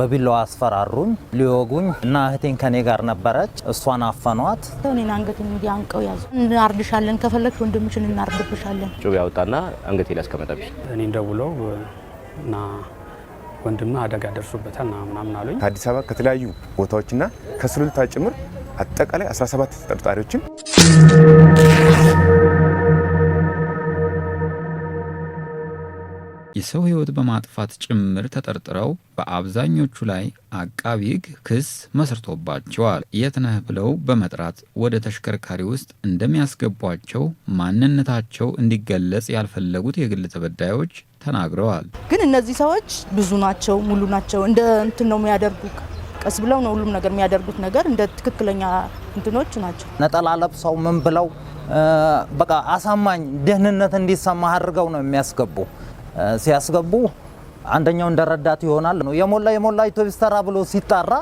በቢላዋ አስፈራሩኝ፣ ሊወጉኝ እና እህቴን ከኔ ጋር ነበረች፣ እሷን አፈኗት። እኔን አንገት እንዲህ አንቀው ያዙ። እናርድሻለን፣ ከፈለግሽ ወንድምሽን እናርድብሻለን። ጩቤ ያወጣና አንገቴ ላይ አስቀመጠብኝ። እኔን ደውለው እና ወንድም አደጋ ደርሶበታል ና ምናምን አሉኝ። ከአዲስ አበባ ከተለያዩ ቦታዎችና ከስሉልታ ጭምር አጠቃላይ 17 ተጠርጣሪዎችን የሰው ሕይወት በማጥፋት ጭምር ተጠርጥረው በአብዛኞቹ ላይ አቃቢ ሕግ ክስ መስርቶባቸዋል። የት ነህ ብለው በመጥራት ወደ ተሽከርካሪ ውስጥ እንደሚያስገቧቸው ማንነታቸው እንዲገለጽ ያልፈለጉት የግል ተበዳዮች ተናግረዋል። ግን እነዚህ ሰዎች ብዙ ናቸው፣ ሙሉ ናቸው። እንደ እንትን ነው የሚያደርጉ ቀስ ብለው ነው ሁሉም ነገር የሚያደርጉት ነገር እንደ ትክክለኛ እንትኖች ናቸው። ነጠላ ለብሰው ምን ብለው በቃ አሳማኝ ደህንነት እንዲሰማ አድርገው ነው የሚያስገቡ ሲያስገቡ አንደኛው እንደረዳት ይሆናል ነው የሞላ የሞላ አውቶቡስ ተራ ብሎ ሲጣራ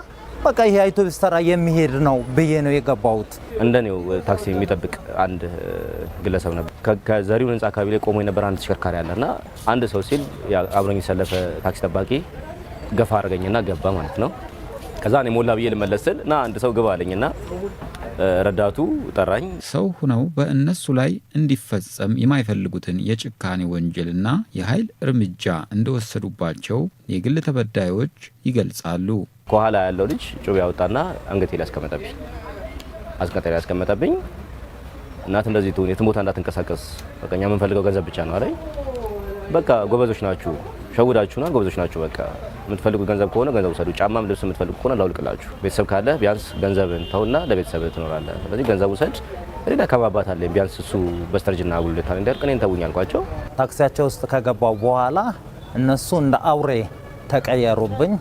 በቃ ይሄ አውቶቡስ ተራ የሚሄድ ነው ብዬ ነው የገባሁት። እንደኔው ታክሲ የሚጠብቅ አንድ ግለሰብ ነበር። ከዘሪሁን ህንፃ አካባቢ ላይ ቆሞ የነበረ አንድ ተሽከርካሪ አለና አንድ ሰው ሲል አብሮኝ የሰለፈ ታክሲ ጠባቂ ገፋ አድርገኝና ገባ ማለት ነው። ከዛ እኔ ሞላ ብዬ ልመለስል እና አንድ ሰው ግባ አለኝና ረዳቱ ጠራኝ። ሰው ሁነው በእነሱ ላይ እንዲፈጸም የማይፈልጉትን የጭካኔ ወንጀልና የኃይል እርምጃ እንደወሰዱባቸው የግል ተበዳዮች ይገልጻሉ። ከኋላ ያለው ልጅ ጩቤ ያወጣና አንገቴ ላይ አስቀመጠብኝ። አንገቴ ላይ እናት እንደዚህ ትሁን፣ የትም ቦታ እንዳትንቀሳቀስ፣ በቃ እኛ የምንፈልገው ገንዘብ ብቻ ነው አለኝ። በቃ ጎበዞች ናችሁ ሸውዳችሁና ጎበዞች ናችሁ። በቃ የምትፈልጉት ገንዘብ ከሆነ ገንዘብ ውሰዱ፣ ጫማም ልብስ የምትፈልጉ ከሆነ ላውልቅላችሁ። ቤተሰብ ካለ ቢያንስ ገንዘብን ተውና ለቤተሰብ ትኖራለ። ስለዚህ ገንዘብ ውሰድ። ሌላ ከባባት አለ ቢያንስ እሱ በስተርጅና ጉልታ እንዲያልቅ እኔን ተውኝ አልኳቸው። ታክሲያቸው ውስጥ ከገባው በኋላ እነሱ እንደ አውሬ ተቀየሩብኝ፣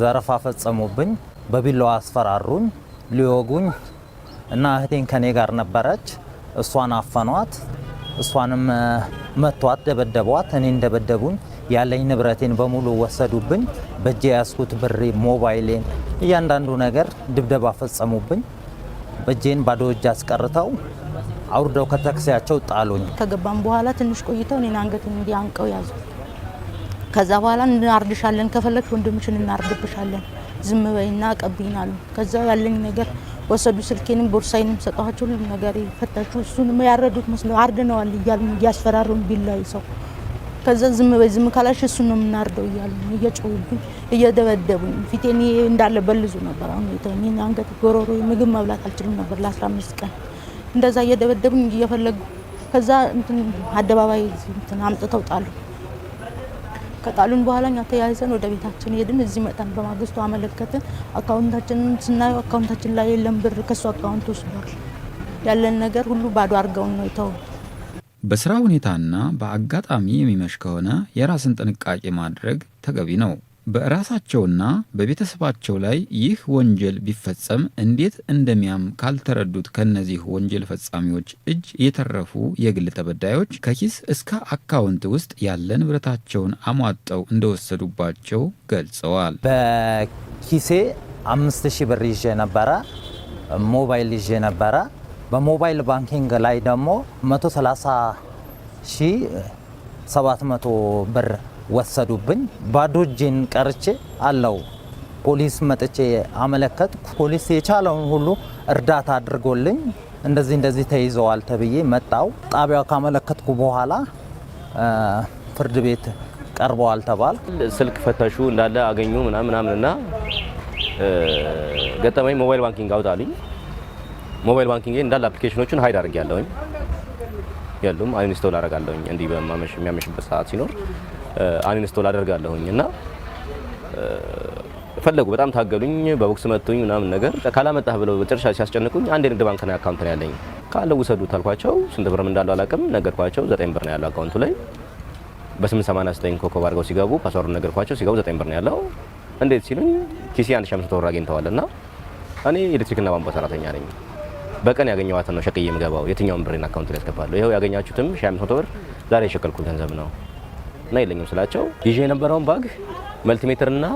ዘረፋ ፈጸሙብኝ፣ በቢላዋ አስፈራሩኝ፣ ሊወጉኝ እና እህቴን ከኔ ጋር ነበረች። እሷን አፈኗት፣ እሷንም መቷት፣ ደበደቧት፣ እኔን ደበደቡኝ። ያለኝ ንብረቴን በሙሉ ወሰዱብኝ። በእጄ ያስኩት ብሬ፣ ሞባይሌን፣ እያንዳንዱ ነገር ድብደባ ፈጸሙብኝ። በእጄን ባዶ እጅ አስቀርተው አውርደው ከተክሲያቸው ጣሉኝ። ከገባም በኋላ ትንሽ ቆይተው እኔን አንገቴን እንዲህ አንቀው ያዙ። ከዛ በኋላ እናርድሻለን፣ ከፈለግሽ ወንድምሽን እናርድብሻለን፣ ዝም በይና ቀብይን አሉ። ከዛ ያለኝ ነገር ወሰዱ። ስልኬንም ቦርሳይንም ሰጠኋቸው። ሁሉም ነገር ፈታችሁ እሱንም ያረዱት መስሎ አርድነዋል እያሉ እያስፈራሩን ቢላዊ ሰው ከዛ ዝም በይ ዝም ካላሽ እሱ ነው የምናርደው እያሉ እየጮሁብኝ እየደበደቡኝ ፊቴን እንዳለ በልዙ ነበር። አሁን አንገት ጎሮሮ ምግብ መብላት አልችልም ነበር ለ15 ቀን እንደዛ እየደበደቡኝ እየፈለጉ ከዛ እንትን አደባባይ እንትን አምጥተው ጣሉ። ከጣሉን በኋላ እኛ ተያይዘን ወደ ቤታችን ሄድን። እዚህ መጣን። በማግስቱ አመለከትን። አካውንታችንን ስናየው አካውንታችን ላይ የለም ብር፣ ከሱ አካውንት ወስዷል። ያለን ነገር ሁሉ ባዶ አድርገውን ነው የተው በስራ ሁኔታና በአጋጣሚ የሚመሽ ከሆነ የራስን ጥንቃቄ ማድረግ ተገቢ ነው። በራሳቸውና በቤተሰባቸው ላይ ይህ ወንጀል ቢፈጸም እንዴት እንደሚያም ካልተረዱት ከነዚህ ወንጀል ፈጻሚዎች እጅ የተረፉ የግል ተበዳዮች ከኪስ እስከ አካውንት ውስጥ ያለ ንብረታቸውን አሟጠው እንደወሰዱባቸው ገልጸዋል። በኪሴ አምስት ሺህ ብር ይዤ ነበረ፣ ሞባይል ይዤ ነበረ በሞባይል ባንኪንግ ላይ ደግሞ 130 ሺ 700 ብር ወሰዱብኝ። ባዶ እጄን ቀርቼ አለው። ፖሊስ መጥቼ አመለከትኩ። ፖሊስ የቻለውን ሁሉ እርዳታ አድርጎልኝ እንደዚህ እንደዚህ ተይዘዋል ተብዬ መጣው። ጣቢያው ካመለከትኩ በኋላ ፍርድ ቤት ቀርበዋል ተባል። ስልክ ፈተሹ እንዳለ አገኙ ምናምን ምናምንና ገጠመኝ ሞባይል ባንኪንግ አውጣልኝ ሞባይል ባንኪንግ እንዳለ አፕሊኬሽኖቹን ሀይድ አድርጌያለሁኝ። ያሉም አንኢንስቶል አደርጋለሁኝ እንዲህ የሚያመሽበት ሰዓት ሲኖር አንኢንስቶል አደርጋለሁኝ እና ፈለጉ በጣም ታገሉኝ። በቦክስ መጥቶኝ ምናምን ነገር ካላመጣህ ብለው መጨረሻ ሲያስጨንቁኝ አንድ የንግድ ባንክ ነው አካውንት ነው ያለኝ ካለው ውሰዱት ታልኳቸው ስንት ብርም እንዳለው አላውቅም ነገርኳቸው። ዘጠኝ ብር ነው ያለው አካውንቱ ላይ በ889 ኮከብ አድርገው ሲገቡ ፓስዋርድ ነገርኳቸው። ሲገቡ ዘጠኝ ብር ነው ያለው። እንዴት ሲሉኝ ኪሴ 1500 ብር አግኝተዋል እና እኔ ኤሌክትሪክና ቧንቧ ሰራተኛ ነኝ። በቀን ያገኘዋትን ነው ሸቅዬ የምገባው። የትኛውን ብሬን አካውንት ላይ ያስገባለሁ። ይኸው ያገኛችሁትም ሺህ አምስት መቶ ብር ዛሬ የሸቀልኩት ገንዘብ ነው እና የለኝም ስላቸው ይዤ የነበረውን ባግ መልቲሜትርና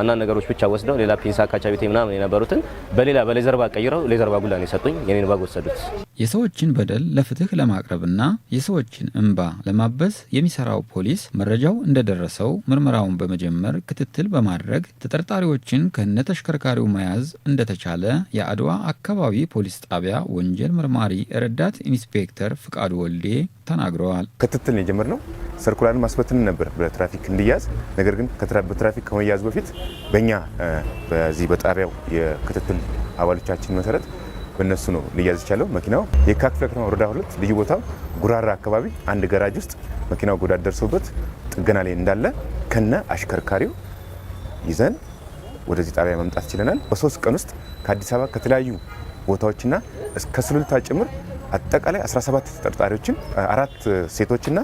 አንዳንድ ነገሮች ብቻ ወስደው ሌላ ፒንሳ ካቻ ቤቴ ምናምን የነበሩትን በሌላ በሌዘር ባግ ቀይረው ሌዘር ባጉ ላይ ነው የሰጡኝ። የኔን ባግ ወሰዱት። የሰዎችን በደል ለፍትህ ለማቅረብና የሰዎችን እንባ ለማበስ የሚሰራው ፖሊስ መረጃው እንደደረሰው ምርመራውን በመጀመር ክትትል በማድረግ ተጠርጣሪዎችን ከነ ተሽከርካሪው መያዝ እንደተቻለ የአድዋ አካባቢ ፖሊስ ጣቢያ ወንጀል መርማሪ ረዳት ኢንስፔክተር ፍቃዱ ወልዴ ተናግረዋል። ክትትል የጀመር ነው ሰርኩላርን ማስበትን ነበር በትራፊክ እንዲያዝ። ነገር ግን በትራፊክ ከመያዙ በፊት በእኛ በዚህ በጣቢያው የክትትል አባሎቻችን መሰረት በእነሱ ነው ልያዝ የቻለው። መኪናው የካ ክፍለ ከተማ ወረዳ ሁለት ልዩ ቦታ ጉራራ አካባቢ አንድ ገራጅ ውስጥ መኪናው ጉዳት ደርሶበት ጥገና ላይ እንዳለ ከነ አሽከርካሪው ይዘን ወደዚህ ጣቢያ መምጣት ችለናል። በሶስት ቀን ውስጥ ከአዲስ አበባ ከተለያዩ ቦታዎችና እስከ ስሉልታ ጭምር አጠቃላይ 17 ተጠርጣሪዎችን አራት ሴቶችና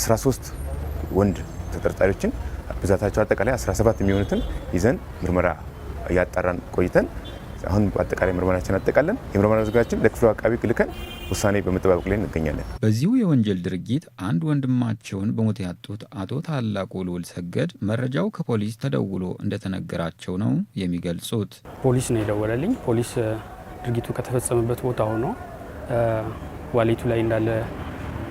13 ወንድ ተጠርጣሪዎችን ብዛታቸው አጠቃላይ 17 የሚሆኑትን ይዘን ምርመራ እያጣራን ቆይተን አሁን በአጠቃላይ ምርመራችን አጠቃለን የምርመራ ዝጋችን ለክፍሉ አቃቢ ልከን ውሳኔ በመጠባበቅ ላይ እንገኛለን። በዚሁ የወንጀል ድርጊት አንድ ወንድማቸውን በሞት ያጡት አቶ ታላቁ ልውል ሰገድ መረጃው ከፖሊስ ተደውሎ እንደተነገራቸው ነው የሚገልጹት። ፖሊስ ነው የደወለልኝ። ፖሊስ ድርጊቱ ከተፈጸመበት ቦታ ሆኖ ዋሌቱ ላይ እንዳለ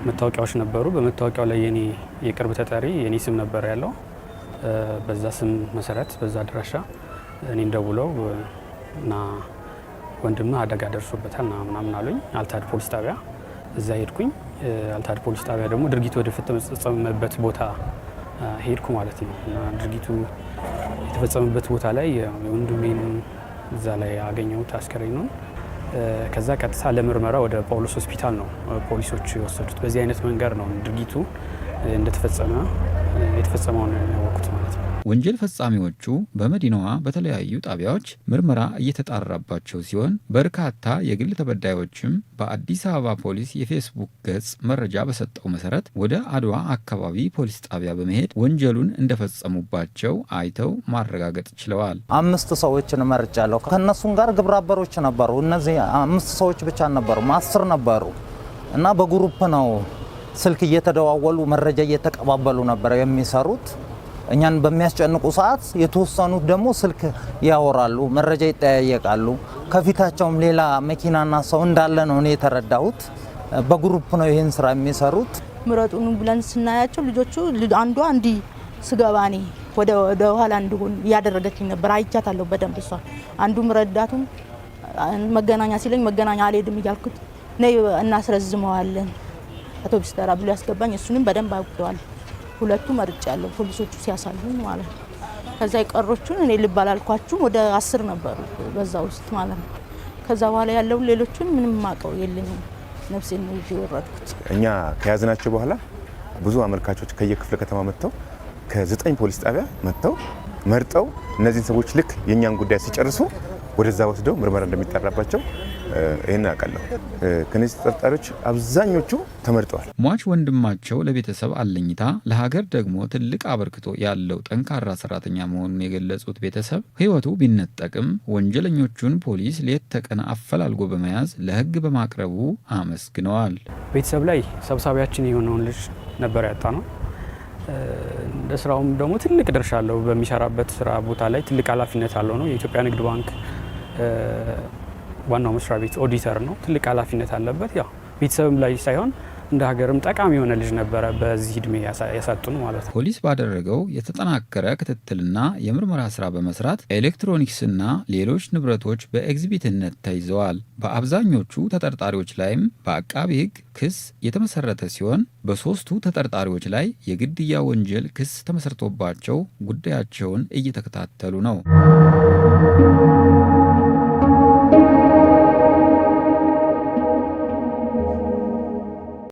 መታወቂያዎች ነበሩ። በመታወቂያው ላይ የኔ የቅርብ ተጠሪ የኔ ስም ነበር ያለው። በዛ ስም መሰረት በዛ አድራሻ እኔን ደውለው እና ወንድም አደጋ ደርሶበታል ና ምናምን አሉኝ። አልታድ ፖሊስ ጣቢያ እዛ ሄድኩኝ። አልታድ ፖሊስ ጣቢያ ደግሞ ድርጊቱ ወደ ተፈጸመበት ቦታ ሄድኩ ማለት ነው እና ድርጊቱ የተፈጸመበት ቦታ ላይ ወንድሜን እዛ ላይ አገኘሁት አስከሬን ነው። ከዛ ቀጥታ ለምርመራ ወደ ጳውሎስ ሆስፒታል ነው ፖሊሶች የወሰዱት። በዚህ አይነት መንገድ ነው ድርጊቱ እንደተፈጸመ የተፈጸመውን ያወቁት ማለት ነው። ወንጀል ፈጻሚዎቹ በመዲናዋ በተለያዩ ጣቢያዎች ምርመራ እየተጣራባቸው ሲሆን በርካታ የግል ተበዳዮችም በአዲስ አበባ ፖሊስ የፌስቡክ ገጽ መረጃ በሰጠው መሰረት ወደ አድዋ አካባቢ ፖሊስ ጣቢያ በመሄድ ወንጀሉን እንደፈጸሙባቸው አይተው ማረጋገጥ ችለዋል። አምስት ሰዎችን መርጫለሁ። ከእነሱም ጋር ግብረ አበሮች ነበሩ። እነዚህ አምስት ሰዎች ብቻ ነበሩ፣ አስር ነበሩ እና በግሩፕ ነው ስልክ እየተደዋወሉ መረጃ እየተቀባበሉ ነበር የሚሰሩት እኛን በሚያስጨንቁ ሰዓት የተወሰኑት ደግሞ ስልክ ያወራሉ፣ መረጃ ይጠያየቃሉ። ከፊታቸውም ሌላ መኪናና ሰው እንዳለ ነው እኔ የተረዳሁት። በግሩፕ ነው ይህን ስራ የሚሰሩት። ምረጡን ብለን ስናያቸው ልጆቹ አንዷ አንዲ ስገባ እኔ ወደ ኋላ እንድሆን እያደረገችኝ ነበር። አይቻታለሁ በደንብ እሷ አንዱም ረዳቱም መገናኛ ሲለኝ መገናኛ አልሄድም እያልኩት ነይ እናስረዝመዋለን አውቶቡስ ተራ ብሎ ያስገባኝ እሱንም በደንብ አውቀዋል። ሁለቱ መርጫ ያለው ፖሊሶቹ ሲያሳዩ ማለት ነው። ከዛ የቀሮቹን እኔ ልባላልኳችሁ ወደ አስር ነበሩ በዛ ውስጥ ማለት ነው። ከዛ በኋላ ያለውን ሌሎቹን ምንም ማቀው የለኝም ነፍሴ ነው ይዤ የወረድኩት። እኛ ከያዝናቸው በኋላ ብዙ አመልካቾች ከየክፍለ ከተማ መጥተው ከዘጠኝ ፖሊስ ጣቢያ መጥተው መርጠው እነዚህን ሰዎች ልክ የእኛን ጉዳይ ሲጨርሱ ወደዛ ወስደው ምርመራ እንደሚጠራባቸው ይህን አውቃለሁ። ከነዚህ ተጠርጣሪዎች አብዛኞቹ ተመርጠዋል። ሟች ወንድማቸው ለቤተሰብ አለኝታ ለሀገር ደግሞ ትልቅ አበርክቶ ያለው ጠንካራ ሰራተኛ መሆኑን የገለጹት ቤተሰብ ሕይወቱ ቢነጠቅም ወንጀለኞቹን ፖሊስ ሌት ተቀን አፈላልጎ በመያዝ ለሕግ በማቅረቡ አመስግነዋል። ቤተሰብ ላይ ሰብሳቢያችን የሆነውን ልጅ ነበር ያጣ ነው። እንደ ስራውም ደግሞ ትልቅ ድርሻ አለው። በሚሰራበት ስራ ቦታ ላይ ትልቅ ኃላፊነት አለው ነው የኢትዮጵያ ንግድ ባንክ ዋናው መስሪያ ቤት ኦዲተር ነው። ትልቅ ኃላፊነት አለበት። ያው ቤተሰብም ላይ ሳይሆን እንደ ሀገርም ጠቃሚ የሆነ ልጅ ነበረ በዚህ እድሜ ያሳጡን ማለት ነው። ፖሊስ ባደረገው የተጠናከረ ክትትልና የምርመራ ስራ በመስራት ኤሌክትሮኒክስና ሌሎች ንብረቶች በኤግዚቢትነት ተይዘዋል። በአብዛኞቹ ተጠርጣሪዎች ላይም በአቃቢ ሕግ ክስ የተመሰረተ ሲሆን በሶስቱ ተጠርጣሪዎች ላይ የግድያ ወንጀል ክስ ተመሰርቶባቸው ጉዳያቸውን እየተከታተሉ ነው።